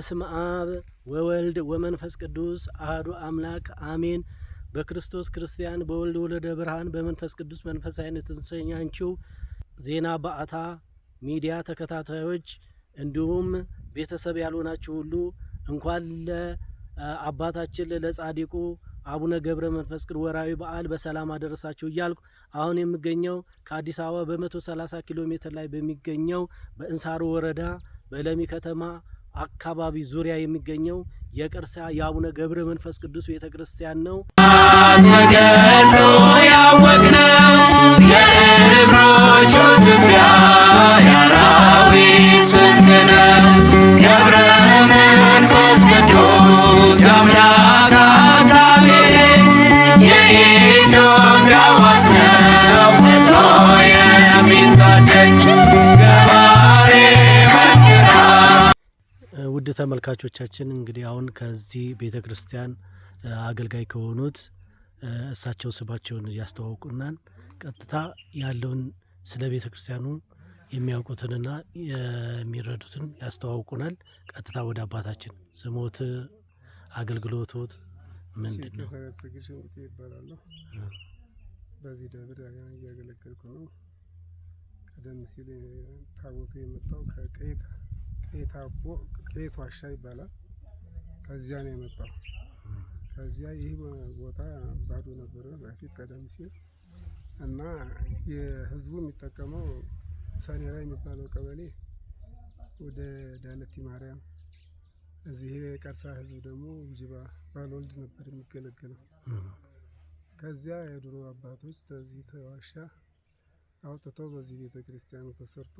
በስም አብ ወወልድ ወመንፈስ ቅዱስ አህዱ አምላክ አሜን። በክርስቶስ ክርስቲያን በወልድ ወለደ ብርሃን በመንፈስ ቅዱስ መንፈሳዊን የተሰኛችሁ ዜና በዓታ ሚዲያ ተከታታዮች እንዲሁም ቤተሰብ ያልሆናችሁ ሁሉ እንኳን ለአባታችን ለጻዲቁ አቡነ ገብረ መንፈስ ቅዱስ ወራዊ በዓል በሰላም አደረሳችሁ እያልኩ አሁን የምገኘው ከአዲስ አበባ በ130 ኪሎ ሜትር ላይ በሚገኘው በእንሳሮ ወረዳ በለሚ ከተማ አካባቢ ዙሪያ የሚገኘው የቅርሳ የአቡነ ገብረ መንፈስ ቅዱስ ቤተ ክርስቲያን ነው። ያወቅነው ትቢያ ተመልካቾቻችን እንግዲህ አሁን ከዚህ ቤተ ክርስቲያን አገልጋይ ከሆኑት እሳቸው ስባቸውን እያስተዋውቁናን ቀጥታ ያለውን ስለ ቤተ ክርስቲያኑ የሚያውቁትንና የሚረዱትን ያስተዋውቁናል። ቀጥታ ወደ አባታችን ስሞት፣ አገልግሎቶት ምንድን ነው? ይባላለሁ። በዚህ ደብር እያገለገልኩ ነው። ቀደም ሲል ታቦቱ የመጣው ከቀይት ቄታቦ ቄት ዋሻ ይባላል። ከዚያ ነው የመጣው። ከዚያ ይህ ቦታ ባዶ ነበረ በፊት ቀደም ሲል እና የህዝቡ የሚጠቀመው ሰኔራ የሚባለው ቀበሌ ወደ ዳለቲ ማርያም፣ እዚህ የቀርሳ ህዝብ ደግሞ ውጅባ ባልወልድ ነበር የሚገለገለው። ከዚያ የድሮ አባቶች ተዚህ ተዋሻ አውጥተው በዚህ ቤተ ክርስቲያኑ ተሰርቶ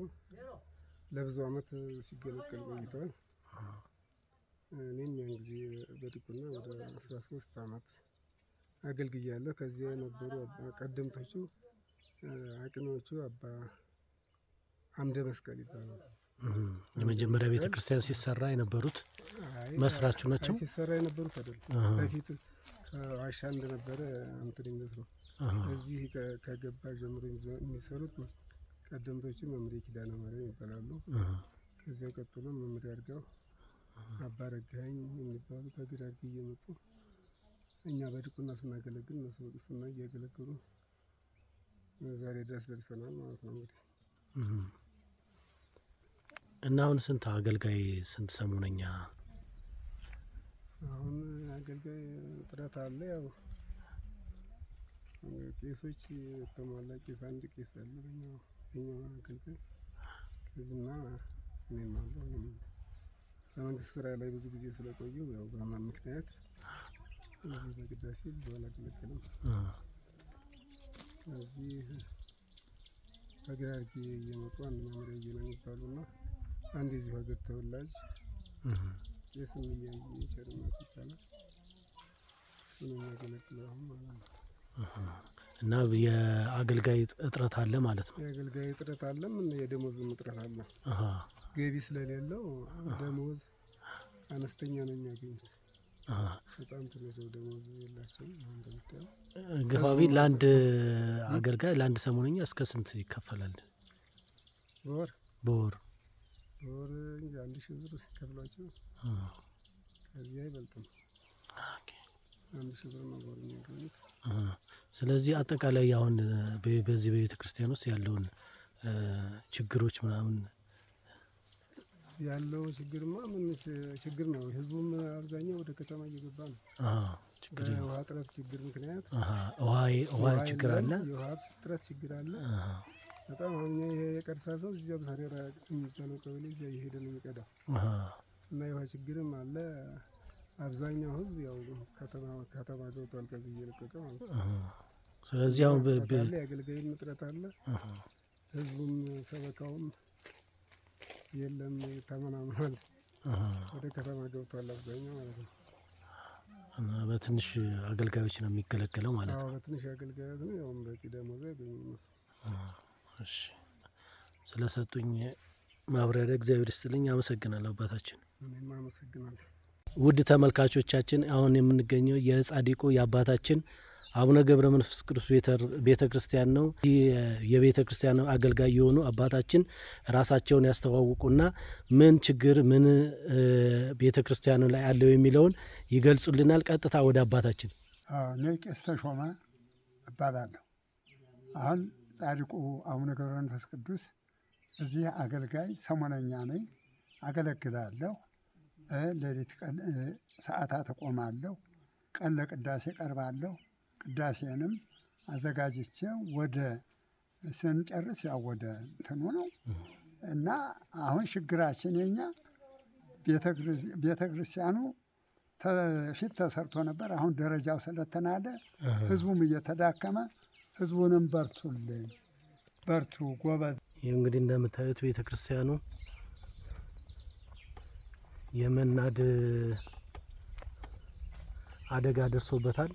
ለብዙ አመት ሲገለገል ቆይተዋል። እኔም ያን ጊዜ በድቁና ወደ አመት ዓመት አገልግያለሁ። ከዚያ የነበሩ ቀደምቶቹ አቅኖቹ አባ አምደ መስቀል ይባላል። የመጀመሪያ ቤተ ክርስቲያን ሲሰራ የነበሩት መስራቹ ናቸው። ሲሰራ የነበሩት አይደለም። በፊት ዋሻ እንደነበረ እንትን የሚመስለው እዚህ ከገባ ጀምሮ የሚሰሩት ቀደምቶቹ መምሪ ኪዳነ ማርያም ይባላሉ። ከዚያ ቀጥሎ መምሪ አድርገው አባ ረጋኸኝ የሚባሉ በእግር አድርገው እየመጡ እኛ በድቁና ስናገለግል እነሱ በቅስና እያገለግሉ ዛሬ ድረስ ደርሰናል ማለት ነው። እንግዲህ እና አሁን ስንት አገልጋይ ስንት ሰሞነኛ አሁን አገልጋይ ጥረት አለ። ያው ቄሶች የተሟላ ቄስ አንድ ቄስ አለ በእኛ እኛው አገልግል ህዝብና እኔም አለው በመንግስት ስራ ላይ ብዙ ጊዜ ስለቆየው ያው በህመም ምክንያት እዚህ በቅዳሴ በኋላ አገለገለም። እዚህ ሀገራጌ እየመጡ አንድ መምሪያ እየነው የሚባሉ እና አንድ የዚሁ ሀገር ተወላጅ የስም እያየ ቸርነት ይባላል። እሱን የሚያገለግለው አሁን ማለት ነው። እና የአገልጋይ እጥረት አለ ማለት ነው። የአገልጋይ እጥረት አለም የደሞዝም እጥረት አለ። ገቢ ስለሌለው ደሞዝ አነስተኛ ነው የሚያገኙት። በጣም ትንሽ ደሞዝ የላቸው። ግፋቢ ለአንድ አገልጋይ ለአንድ ሰሞነኛ እስከ ስንት ይከፈላል? በወር በወር በወር አንድ ሺህ ብር ይከፍሏቸው፣ ከዚህ አይበልጥም። ስለዚህ አጠቃላይ አሁን በዚህ በቤተ ክርስቲያን ውስጥ ያለውን ችግሮች ምናምን ያለው ችግርማ ምን ችግር ነው? ህዝቡም አብዛኛው ወደ ከተማ እየገባ ነው። ውሃ እጥረት ችግር ምክንያት ውሃ ችግር አለ። የውሃ ጥረት ችግር አለ። በጣም አሁን የቀርሳ ሰው እዚያ ብሳሬራ የሚባለው ቀበሌ እዚያ እየሄደ ነው የሚቀዳው እና የውሃ ችግርም አለ። አብዛኛው ህዝብ ያው ከተማ ከተማ ገብቷል ከዚህ እየለቀቀ ማለት ነው። ስለዚህ አሁን የአገልጋይም እጥረት አለ። ህዝቡም ሰበካውም የለም ተመናምኗል፣ ወደ ከተማ ገብቷል አብዛኛው ማለት ነው። በትንሽ አገልጋዮች ነው የሚገለገለው ማለት ነው። በትንሽ አገልጋዮች ነው ያውም በቂ ደሞዝ ያገኙ መስ እሺ። ስለሰጡኝ ማብራሪያ እግዚአብሔር ይስጥልኝ። አመሰግናለሁ አባታችን። እኔም አመሰግናለሁ። ውድ ተመልካቾቻችን አሁን የምንገኘው የጻዲቁ የአባታችን አቡነ ገብረ መንፈስ ቅዱስ ቤተ ክርስቲያን ነው። የቤተ ክርስቲያን አገልጋይ የሆኑ አባታችን ራሳቸውን ያስተዋውቁና ምን ችግር ምን ቤተ ክርስቲያኑ ላይ አለው የሚለውን ይገልጹልናል። ቀጥታ ወደ አባታችን። እኔ ቄስ ተሾመ እባላለሁ። አሁን ጻዲቁ አቡነ ገብረ መንፈስ ቅዱስ እዚህ አገልጋይ ሰሞነኛ ነኝ፣ አገለግላለሁ ሌሊት ሰዓታት እቆማለሁ። ቀን ለቅዳሴ ቀርባለሁ ቅዳሴንም አዘጋጅቼ ወደ ስንጨርስ ያው ወደ እንትኑ ነው። እና አሁን ችግራችን የኛ ቤተ ክርስቲያኑ ፊት ተሰርቶ ነበር። አሁን ደረጃው ስለተናደ ህዝቡም እየተዳከመ ህዝቡንም በርቱልኝ፣ በርቱ ጎበዝ። ይህ እንግዲህ እንደምታዩት ቤተ ክርስቲያኑ የመናድ አደጋ ደርሶበታል።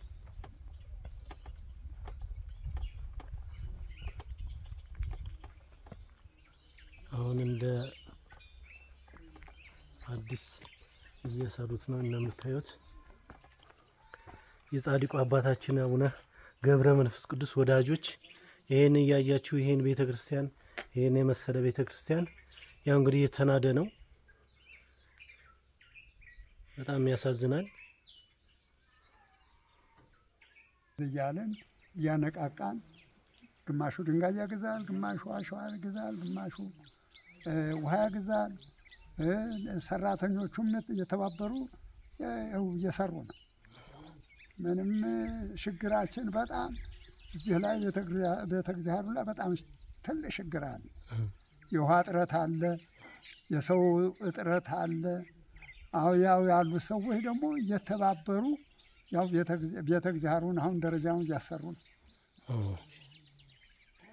አሁን እንደ አዲስ እየሰሩት ነው። እንደምታዩት የጻድቁ አባታችን አቡነ ገብረ መንፈስ ቅዱስ ወዳጆች ይሄን እያያችሁ ይሄን ቤተ ክርስቲያን ይህን የመሰለ ቤተ ክርስቲያን ያው እንግዲህ የተናደ ነው። በጣም ያሳዝናል። እያለን እያነቃቃን ግማሹ ድንጋይ ያግዛል፣ ግማሹ አሸዋ ያገዛል፣ ግማሹ ውሃ ያግዛል። ሰራተኞቹም እየተባበሩ እየሰሩ ነው። ምንም ችግራችን በጣም እዚህ ላይ ቤተ እግዚአብሔር ላይ በጣም ትልቅ ችግር አለ። የውሃ እጥረት አለ። የሰው እጥረት አለ። አሁን ያው ያሉ ሰዎች ደግሞ እየተባበሩ ያው ቤተ እግዚአብሔሩን አሁን ደረጃውን እያሰሩ ነው።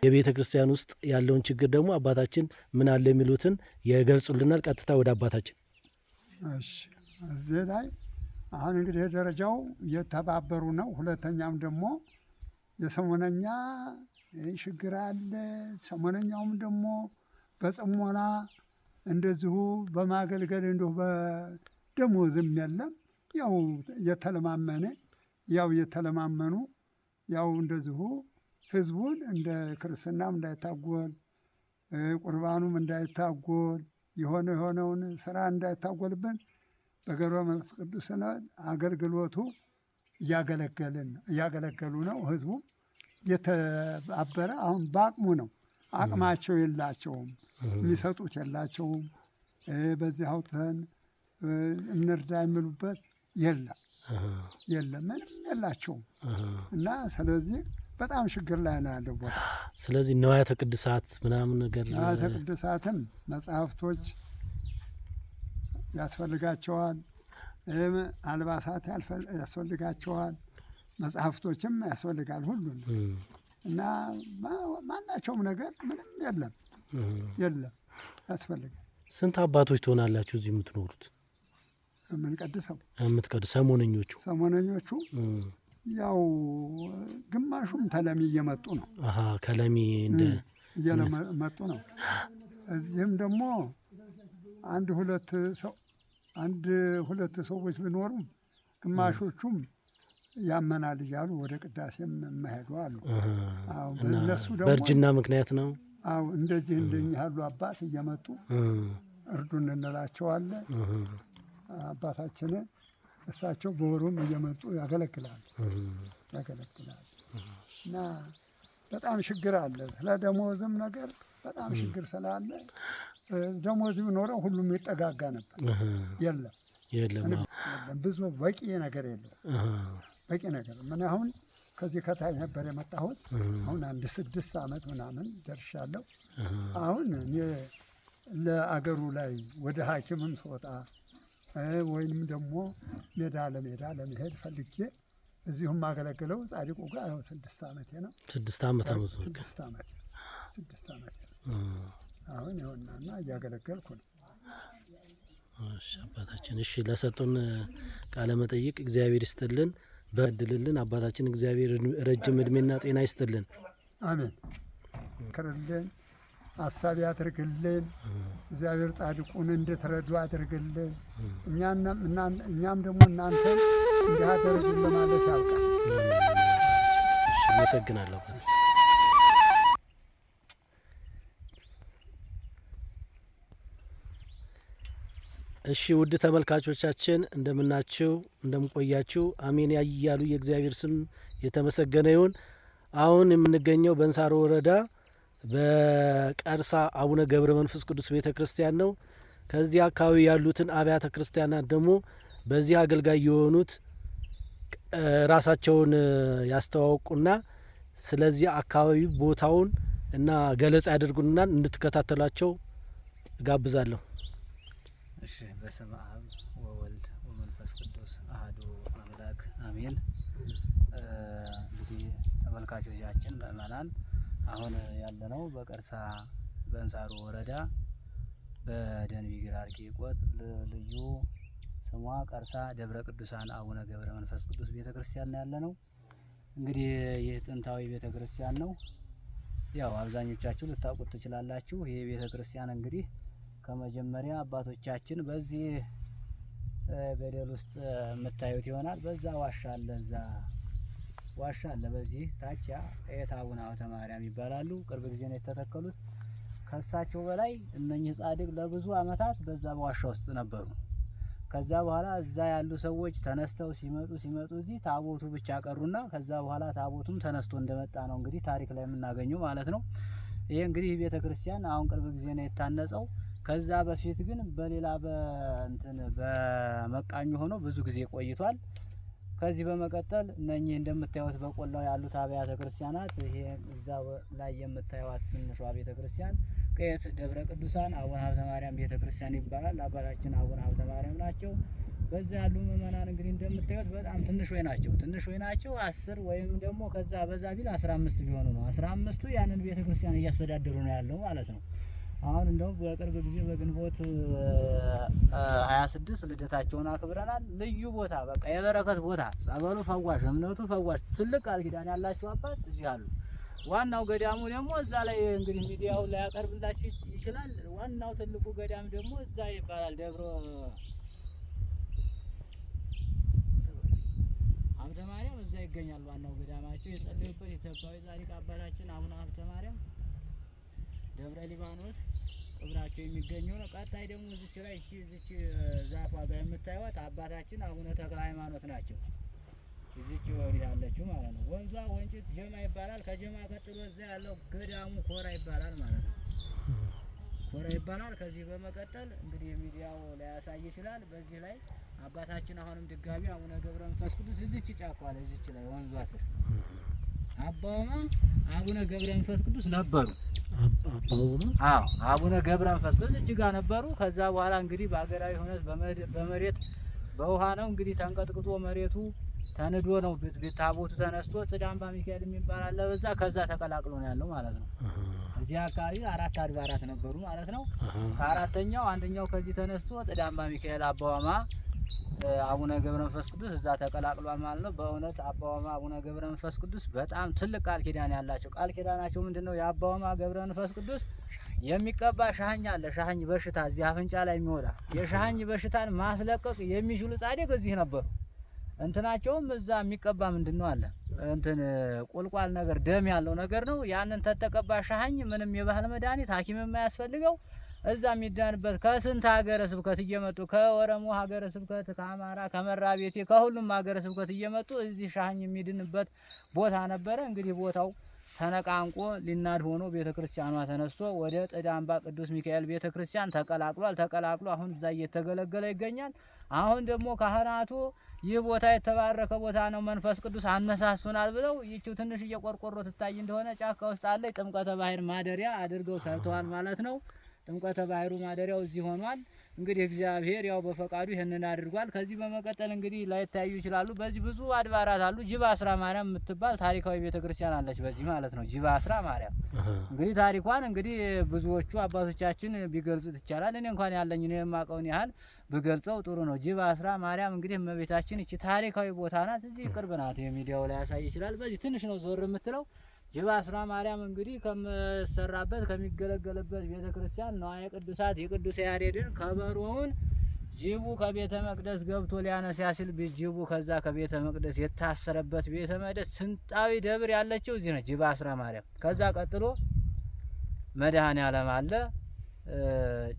የቤተ ክርስቲያን ውስጥ ያለውን ችግር ደግሞ አባታችን ምን አለ የሚሉትን የገልጹልናል። ቀጥታ ወደ አባታችን። እሺ እዚህ ላይ አሁን እንግዲህ የደረጃው እየተባበሩ ነው። ሁለተኛም ደግሞ የሰሞነኛ ችግር አለ። ሰሞነኛውም ደግሞ በጽሞና እንደዚሁ በማገልገል እንዲሁ ደሞዝም የለም። ያው የተለማመነ ያው የተለማመኑ ያው እንደዚሁ ህዝቡን እንደ ክርስትናም እንዳይታጎል ቁርባኑም እንዳይታጎል የሆነ የሆነውን ስራ እንዳይታጎልብን በገብረ መንፈስ ቅዱስ አገልግሎቱ እያገለገልን እያገለገሉ ነው። ህዝቡ የተባበረ አሁን በአቅሙ ነው። አቅማቸው የላቸውም፣ የሚሰጡት የላቸውም። በዚህ አውጥተን እንርዳ የሚሉበት የለም የለም ምንም የላቸውም። እና ስለዚህ በጣም ችግር ላይ ነው ያለው ቦታ። ስለዚህ ነዋያተ ቅድሳት ምናምን ነገር ነዋያተ ቅድሳትም መጽሐፍቶች ያስፈልጋቸዋል፣ አልባሳት ያስፈልጋቸዋል፣ መጽሐፍቶችም ያስፈልጋል ሁሉን እና ማናቸውም ነገር ምንም የለም የለም ያስፈልጋል። ስንት አባቶች ትሆናላችሁ እዚህ የምትኖሩት? የምንቀድሰው የምትቀድ ሰሞነኞቹ ሰሞነኞቹ ያው ግማሹም ተለሚ እየመጡ ነው። ከለሚ እየመጡ ነው። እዚህም ደግሞ አንድ ሁለት ሰው አንድ ሁለት ሰዎች ቢኖሩም ግማሾቹም ያመናል እያሉ ወደ ቅዳሴም የማሄዱ አሉ። እነሱ ደግሞ በእርጅና ምክንያት ነው። አዎ እንደዚህ እንደኛ ያሉ አባት እየመጡ እርዱን እንላቸዋለን። አባታችን እሳቸው በወሩም እየመጡ ያገለግላሉ ያገለግላሉ እና በጣም ችግር አለ። ስለ ደሞዝም ነገር በጣም ችግር ስላለ ደሞዝ ቢኖረው ሁሉም ይጠጋጋ ነበር። የለም የለም፣ ብዙ በቂ ነገር የለም። በቂ ነገር ምን አሁን ከዚህ ከታይ ነበር የመጣሁት። አሁን አንድ ስድስት ዓመት ምናምን ደርሻለሁ። አሁን እኔ ለአገሩ ላይ ወደ ሐኪምም ስወጣ ወይም ደግሞ ሜዳ ለሜዳ ለመሄድ ፈልጌ እዚሁም ማገለግለው ጻድቁ ጋር ያው ስድስት ዓመቴ ነው። ስድስት ዓመት ነው። ስድስት ዓመት ስድስት ዓመት አሁን ይኸውናና እያገለገልኩ ነው። አባታችን እሺ፣ ለሰጡን ቃለ መጠይቅ እግዚአብሔር ይስጥልን፣ በድልልን አባታችን እግዚአብሔር ረጅም እድሜና ጤና ይስጥልን። አሜን ክርልን አሳቢ አድርግልን እግዚአብሔር ጻድቁን እንድትረዱ አድርግልን። እኛም ደግሞ እናንተ እንዳደርጉን ለማለት ያውቃል። አመሰግናለሁ። እሺ ውድ ተመልካቾቻችን እንደምናችሁ እንደምንቆያችሁ፣ አሜን ያያሉ የእግዚአብሔር ስም የተመሰገነ ይሁን። አሁን የምንገኘው በእንሳሮ ወረዳ በቀርሳ አቡነ ገብረ መንፈስ ቅዱስ ቤተ ክርስቲያን ነው። ከዚህ አካባቢ ያሉትን አብያተ ክርስቲያናት ደግሞ በዚህ አገልጋይ የሆኑት ራሳቸውን ያስተዋውቁና ስለዚህ አካባቢ ቦታውን እና ገለጻ ያደርጉና እንድትከታተሏቸው ጋብዛለሁ። እሺ፣ በስመ አብ ወወልድ ወመንፈስ ቅዱስ አህዱ አምላክ አሜን። እንግዲህ ተመልካቾቻችን ምእመናን አሁን ያለነው በቀርሳ በእንሳሮ ወረዳ በደንቢ ግራር ቆት ልዩ ስሟ ቀርሳ ደብረ ቅዱሳን አቡነ ገብረ መንፈስ ቅዱስ ቤተ ክርስቲያን ያለ ነው። እንግዲህ ይህ ጥንታዊ ቤተ ክርስቲያን ነው። ያው አብዛኞቻችሁ ልታውቁት ትችላላችሁ። ይህ ቤተ ክርስቲያን እንግዲህ ከመጀመሪያ አባቶቻችን በዚህ ገደል ውስጥ የምታዩት ይሆናል። በዛ ዋሻ አለ እዛ ዋሻ አለ። በዚህ ታች ኤታ አቡነ ሐብተ ማርያም ይባላሉ። ቅርብ ጊዜ ነው የተተከሉት። ከሳቸው በላይ እነኚህ ጻድቅ ለብዙ አመታት በዛ በዋሻ ውስጥ ነበሩ። ከዛ በኋላ እዛ ያሉ ሰዎች ተነስተው ሲመጡ ሲመጡ እዚህ ታቦቱ ብቻ ቀሩና ከዛ በኋላ ታቦቱም ተነስቶ እንደመጣ ነው እንግዲህ ታሪክ ላይ የምናገኘው ማለት ነው። ይሄ እንግዲህ ቤተ ክርስቲያን አሁን ቅርብ ጊዜ ነው የታነጸው። ከዛ በፊት ግን በሌላ በእንትን በመቃኙ ሆኖ ብዙ ጊዜ ቆይቷል። ከዚህ በመቀጠል እነኚህ እንደምታዩት በቆላው ያሉት አብያተ ክርስቲያናት ይሄ እዛ ላይ የምታዩት ትንሿ ቤተ ክርስቲያን ቅየት ደብረ ቅዱሳን አቡነ ሀብተ ማርያም ቤተ ክርስቲያን ይባላል። አባታችን አቡነ ሀብተ ማርያም ናቸው። በዛ ያሉ ምእመናን እንግዲህ እንደምታዩት በጣም ትንሽ ወይ ናቸው ትንሽ ወይ ናቸው። አስር ወይም ደግሞ ከዛ በዛ ቢል አስራ አምስት ቢሆኑ ነው። አስራ አምስቱ ያንን ቤተ ክርስቲያን እያስተዳደሩ ነው ያለው ማለት ነው። አሁን እንደው በቅርብ ጊዜ በግንቦት 26 ስድስት ልደታቸውን አክብረናል። ልዩ ቦታ በቃ የበረከት ቦታ፣ ጸበሉ ፈዋሽ፣ እምነቱ ፈዋሽ፣ ትልቅ ቃል ኪዳን ያላቸው አባት እዚህ አሉ። ዋናው ገዳሙ ደግሞ እዛ ላይ እንግዲህ ሚዲያው ላያቀርብላችሁ ይችላል። ዋናው ትልቁ ገዳም ደግሞ እዛ ይባላል ደብረ አብተ ማርያም እዛ ይገኛል። ዋናው ገዳማቸው የጸለዩበት የተባዊ ጻድቅ አባታችን አቡነ ሀብተ ማርያም ደብረ ሊባኖስ እብራቸው የሚገኘው ነው። ቀጣይ ደግሞ እዚች ላይ እቺ እዚች ዛፏ ጋር የምታዩት አባታችን አቡነ ተክለ ሃይማኖት ናቸው። እዚች ወዲ ያለችው ማለት ነው። ወንዟ ወንጭት ጀማ ይባላል። ከጀማ ቀጥሎ እዛ ያለው ገዳሙ ኮራ ይባላል ማለት ነው። ኮራ ይባላል። ከዚህ በመቀጠል እንግዲህ ሚዲያው ሊያሳይ ይችላል። በዚህ ላይ አባታችን አሁንም ድጋሚ አቡነ ገብረ መንፈስ ቅዱስ እዚች ጫፏ እዚች ላይ ወንዟ ስር አባውማ አቡነ ገብረ መንፈስ ቅዱስ ነበሩ። አዎ አቡነ ገብረ መንፈስ ቅዱስ እጅጋ ነበሩ። ከዛ በኋላ እንግዲህ በሀገራዊ ሁነት በመሬት በውሃ ነው እንግዲህ ተንቀጥቅጦ መሬቱ ተንዶ ነው ታቦቱ ተነስቶ ጽዳምባ ሚካኤል የሚባል አለ። በዛ ከዛ ተቀላቅሎ ነው ያለው ማለት ነው። እዚህ አካባቢ አራት አድባራት ነበሩ ማለት ነው። ከአራተኛው አንደኛው ከዚህ ተነስቶ ጽዳምባ ሚካኤል አባዋማ አቡነ ገብረ መንፈስ ቅዱስ እዛ ተቀላቅሏል ማለት ነው። በእውነት አባወማ አቡነ ገብረ መንፈስ ቅዱስ በጣም ትልቅ ቃል ኪዳን ያላቸው ቃል ኪዳናቸው ምንድን ነው? የአባወማ ገብረ መንፈስ ቅዱስ የሚቀባ ሻህኝ አለ። ሻህኝ በሽታ እዚህ አፍንጫ ላይ የሚወጣ የሻህኝ በሽታን ማስለቀቅ የሚችሉ ጻድቅ እዚህ ነበሩ። እንትናቸውም እዛ የሚቀባ ምንድን ነው አለ እንትን ቁልቋል ነገር ደም ያለው ነገር ነው። ያንን ተተቀባ ሻህኝ ምንም የባህል መድኃኒት ሐኪም የማያስፈልገው እዛ የሚዳንበት ከስንት ሀገረ ስብከት እየመጡ ከኦሮሞ ሀገረ ስብከት፣ ከአማራ፣ ከመራ ቤቴ ከሁሉም ሀገረ ስብከት እየመጡ እዚህ ሻህኝ የሚድንበት ቦታ ነበረ። እንግዲህ ቦታው ተነቃንቆ ሊናድ ሆኖ ቤተ ክርስቲያኗ ተነስቶ ወደ ጥዳንባ ቅዱስ ሚካኤል ቤተ ክርስቲያን ተቀላቅሏል። ተቀላቅሎ አሁን እዛ እየተገለገለ ይገኛል። አሁን ደግሞ ካህናቱ ይህ ቦታ የተባረከ ቦታ ነው፣ መንፈስ ቅዱስ አነሳሱናል ብለው ይችው ትንሽዬ ቆርቆሮ ትታይ እንደሆነ ጫካ ውስጥ አለ ጥምቀተ ባህር ማደሪያ አድርገው ሰርተዋል ማለት ነው። ጥምቀተ ባህሩ ማደሪያው እዚህ ሆኗል። እንግዲህ እግዚአብሔር ያው በፈቃዱ ይህንን አድርጓል። ከዚህ በመቀጠል እንግዲህ ላይታዩ ይችላሉ። በዚህ ብዙ አድባራት አሉ። ጅባ አስራ ማርያም የምትባል ታሪካዊ ቤተክርስቲያን አለች፣ በዚህ ማለት ነው። ጅባ አስራ ማርያም እንግዲህ ታሪኳን እንግዲህ ብዙዎቹ አባቶቻችን ቢገልጹት ይቻላል። እኔ እንኳን ያለኝ ነው የማውቀውን ያህል ብገልጸው ጥሩ ነው። ጅባ አስራ ማርያም እንግዲህ እመቤታችን እቺ ታሪካዊ ቦታ ናት። እዚህ ቅርብ ናት። የሚዲያው ላይ ያሳይ ይችላል። በዚህ ትንሽ ነው ዞር የምትለው ጅባ ስራ ማርያም እንግዲህ ከመሰራበት ከሚገለገልበት ቤተ ክርስቲያን ነዋየ ቅዱሳት የቅዱስ ያሬድን ከበሮውን ጅቡ ከቤተ መቅደስ ገብቶ ሊያነሳ ሲል ጅቡ ከዛ ከቤተ መቅደስ የታሰረበት ቤተ መቅደስ ስንጣዊ ደብር ያለችው እዚህ ነው፣ ጅባ ስራ ማርያም። ከዛ ቀጥሎ መድኃኔ ዓለም አለ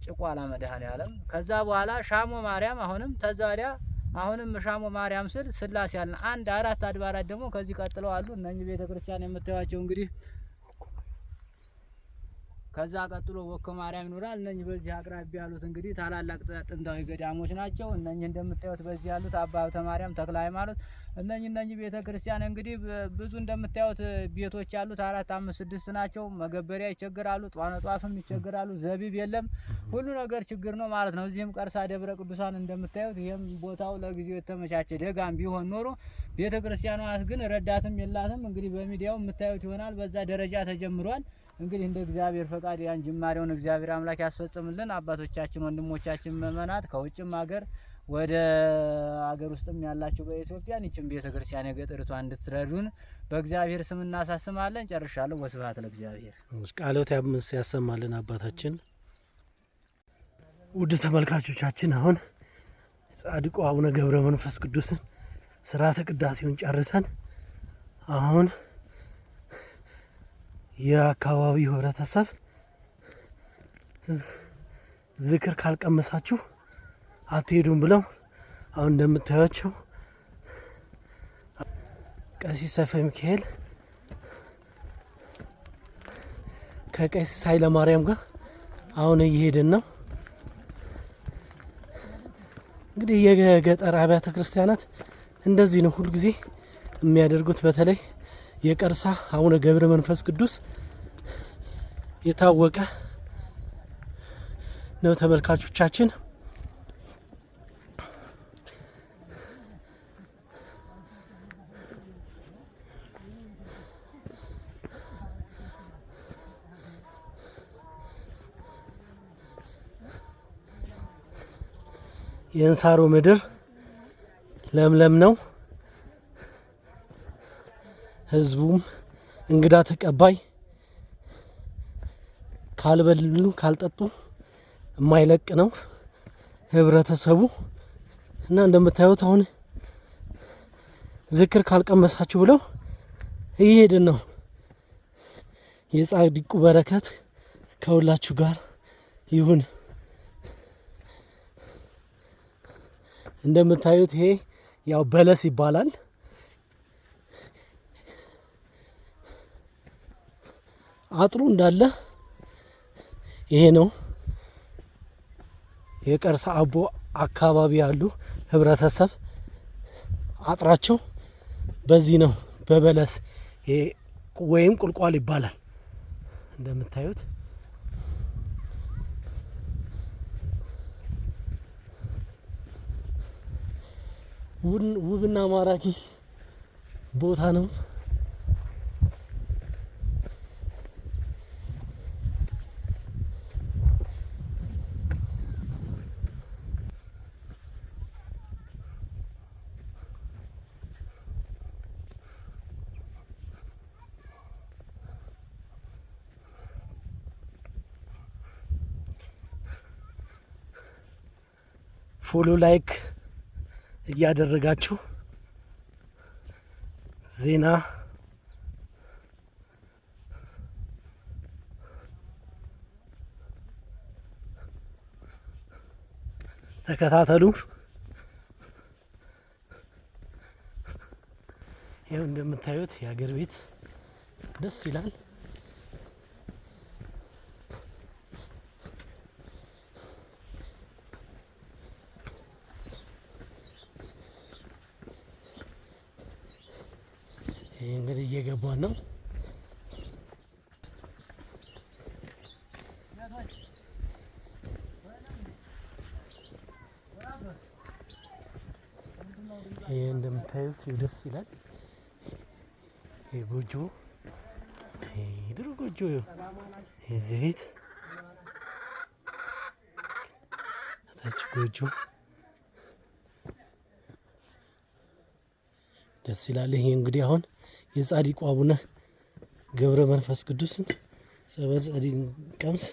ጭቋላ መድኃኔ ዓለም። ከዛ በኋላ ሻሞ ማርያም አሁንም ተዛዲያ አሁንም ሻሞ ማርያም ስል ስላሴ አለ። አንድ አራት አድባራት ደግሞ ከዚህ ቀጥለው አሉ። እነኚህ ቤተ ክርስቲያን እንግዲህ ከዛ ቀጥሎ ወከ ማርያም ይኖራል። እነኚህ በዚህ አቅራቢያ ያሉት እንግዲህ ታላላቅ ጥንታዊ ገዳሞች ናቸው። እነኚህ እንደምታዩት በዚህ ያሉት አባ ሐብተ ማርያም፣ ተክለ ሃይማኖት እነኚህ እነኚህ ቤተ ክርስቲያን እንግዲህ ብዙ እንደምታዩት ቤቶች ያሉት አራት፣ አምስት፣ ስድስት ናቸው። መገበሪያ ይቸግራሉ፣ ጧነ ጧፍም ይቸግራሉ፣ ዘቢብ የለም። ሁሉ ነገር ችግር ነው ማለት ነው። እዚህም ቀርሳ ደብረ ቅዱሳን እንደምታዩት ይህም ቦታው ለጊዜው የተመቻቸ ደጋም ቢሆን ኖሮ ቤተ ክርስቲያኗ ግን ረዳትም የላትም። እንግዲህ በሚዲያው የምታዩት ይሆናል። በዛ ደረጃ ተጀምሯል። እንግዲህ እንደ እግዚአብሔር ፈቃድ ያን ጅማሬውን እግዚአብሔር አምላክ ያስፈጽምልን። አባቶቻችን፣ ወንድሞቻችን መመናት ከውጭም ሀገር ወደ አገር ውስጥም ያላችሁ በኢትዮጵያን ይችን ቤተ ክርስቲያን የገጠሪቷ እንድትረዱን በእግዚአብሔር ስም እናሳስማለን። ጨርሻለሁ። ወስብሐት ለእግዚአብሔር። ቃሎት ያሰማልን አባታችን። ውድ ተመልካቾቻችን አሁን ጻድቁ አቡነ ገብረ መንፈስ ቅዱስን ስርዓተ ቅዳሴውን ጨርሰን አሁን የአካባቢው ህብረተሰብ ዝክር ካልቀመሳችሁ አትሄዱም ብለው አሁን እንደምታያቸው ቀሲስ ሰይፈ ሚካኤል ከቀሲስ ኃይለ ማርያም ጋር አሁን እየሄድን ነው። እንግዲህ የገጠር አብያተ ክርስቲያናት እንደዚህ ነው ሁልጊዜ የሚያደርጉት በተለይ የቀርሳ አቡነ ገብረ መንፈስ ቅዱስ የታወቀ ነው። ተመልካቾቻችን የእንሳሮ ምድር ለምለም ነው። ህዝቡም እንግዳ ተቀባይ ካልበሉ ካልጠጡ የማይለቅ ነው ህብረተሰቡ እና እንደምታዩት አሁን ዝክር ካልቀመሳችሁ ብለው እየሄድን ነው። የጻድቁ በረከት ከሁላችሁ ጋር ይሁን። እንደምታዩት ይሄ ያው በለስ ይባላል። አጥሩ እንዳለ ይሄ ነው። የቀርሰ አቦ አካባቢ ያሉ ህብረተሰብ አጥራቸው በዚህ ነው። በበለስ ወይም ቁልቋል ይባላል። እንደምታዩት ውብና ማራኪ ቦታ ነው። ፎሎ ላይክ እያደረጋችሁ ዜና ተከታተሉ። ይኸው እንደምታዩት የሀገር ቤት ደስ ይላል። ጎጆ ድሮ ጎጆ የዚህ ቤት ታች ጎጆ ደስ ይላል። ይሄ እንግዲህ አሁን የጻድቁ አቡነ ገብረ መንፈስ ቅዱስን ጸበል ጸዲን ቀምስ